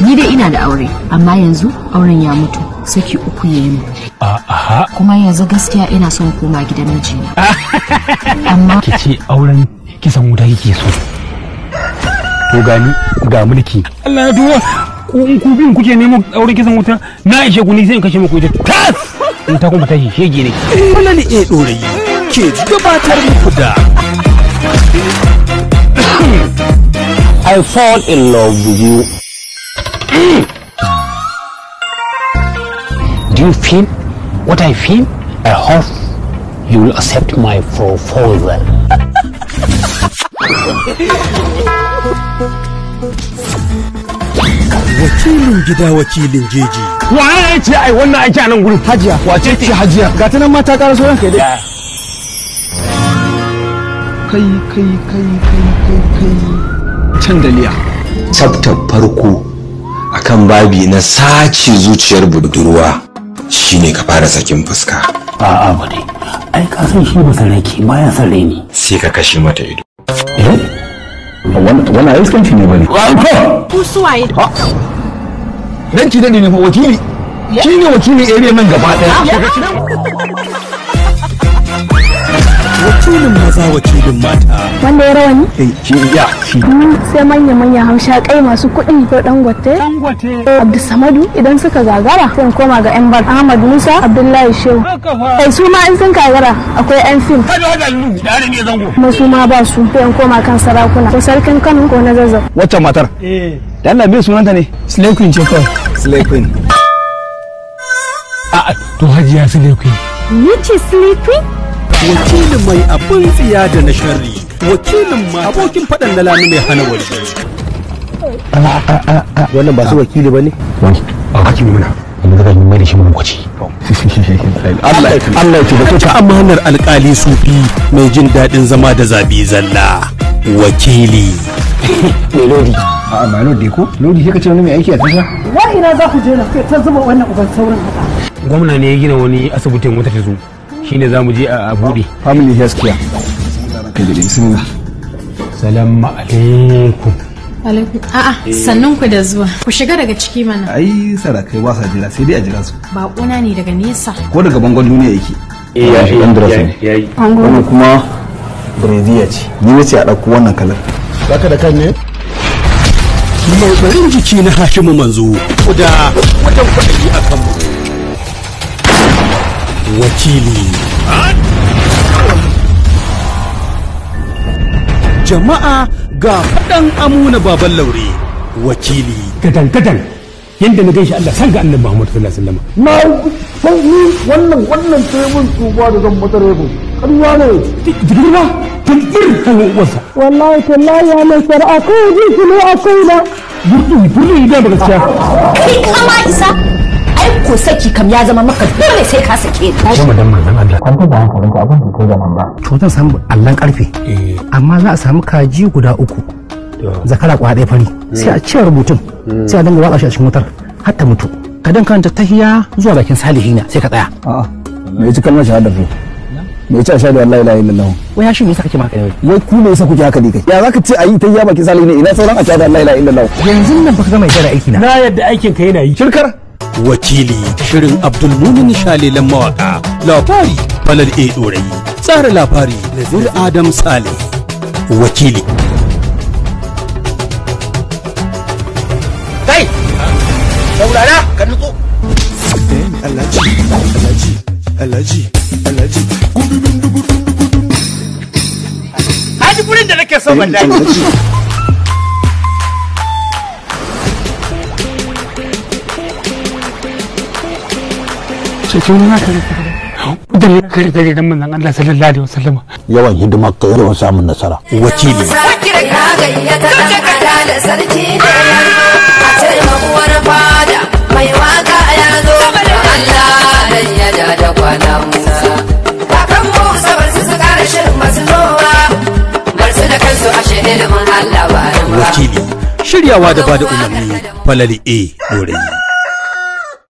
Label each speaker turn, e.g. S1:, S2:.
S1: ni dai ina da aure amma yanzu auren ya mutu saki uku ya yi Aha. kuma yanzu gaskiya ina son koma gidan ne. amma ki ce auren kisan wuta yake so to gani ga mulki Allah ya duwa ku bin kuke nemo auren kisan wuta na ishe ku ni zan kashe muku ita tas in ta kuma tashi shege ne wannan ne eh dorayi ke gabatar muku da I fall in love with you Do you feel what I feel? I hope you will accept my proposal. wakilin gida wakilin jeji waye ya ce ai wannan aiki a nan gurin hajiya wace ce hajiya ga ta nan mata ƙara so ranka dai kai kai kai kai kai kai can daliya tsaftar farko akan babi na sace zuciyar budurwa shine ka fara sakin fuska a'a ba ai ka san shi ba sarki baya son raini sai ka kashe mata ido eh wannan ai iskanci ne bane ku suwaye dan ki dade ne wakili shine wakili area nan gaba daya wakilin maza wakilin mata wanda ya rawani eh shi ya shi sai manya manya hamsha kai masu kuɗi ko dangote dangote eh, abdulsamadu idan suka gagara sai koma ga yan bar ahmad musa abdullahi shehu kai eh, su ma in sun gagara akwai yan fim kuma su ma ba su sai koma kan sarakuna ko sarkin kano ko na zazzau wacce matar eh dan biyu sunanta ne slay queen ce kawai slay queen a ah, to hajiya slay queen ni ce slay queen wakilin mai abin tsiya da na sharri wakilin ma abokin faɗan na lami mai hana wani wannan ba su wakili ba ne wani ake nuna yanzu zaka yi mai da shi kwaci Allah ya tabbata ta amanar alƙali sufi mai jin daɗin zama da zabi zalla wakili mai lodi a'a ba lodi ko lodi shi ka ce wani mai aiki a tasha wallahi na za ku je na ta zuba wannan uban saurin haka gwamna ne ya gina wani asibitin wata ta zo shine za mu je a buɗe family health care kai da salamu alaikum a'a sannan ku da zuwa ku shiga daga ciki mana ai sarakai ba jira sai dai a jira su ne daga nesa ko daga bangon duniya yake eh ya ya ya wannan kuma ce ni nace a wannan kalar da kan ne jiki na hashimu manzo da wajen kwaɗayi a kanmu wakili jama'a ga faɗan amuna baban laure wakili gadan gadan yadda na gaishe Allah san ga annabi Muhammad sallallahu alaihi wasallam na san ni wannan wannan tebun tuba da zan mata rebu ƙarya ne jirgin tulbir kan wasa wallahi tallahi ya mai sar akwai ji kilo akwai na burdi burdi da gaskiya kai kama isa ko saki kam ya zama maka dole sai ka sake ni shi madan manzon Allah an hankali ka abin da ke zaman ba to zan samu allan karfe eh. amma za a samu kaji guda uku zakara kwa ɗaya fari hmm. sai a ciyar mutum. Hmm. sai a dinga watsa shi a cikin wutar har ta mutu ka danka ta tahiya zuwa bakin na sai ka tsaya a'a me ji kalmar shahada fa me yace shahada wallahi la ilaha illallah wai ya shi me yasa kake maka dai? wai ku me yasa kuke haka ne kai ya zaka ce ayi tahiya bakin salihi ne ina sauran ashhadu wallahi la ilaha illallah yanzu nan baka ga mai jira aiki na na yadda aikin ka yana yi shirkar wakili shirin abdulmumin shalilan mawaka labari falal a dorayi tsara labari nazir adam sale wakili kai saurara ka nutso alaji alaji alaji alaji gududun dugudun dugudun hadi gurin da nake so ban ceto na ka rike da ne ka rike da manzon Allah sallallahu alaihi wasallam yawan hidima ka yawan samun nasara ka sarki mai waka ya zo Allah dan da kwana Musa kakan kansu a ba da bada umarni falali a ɗorayi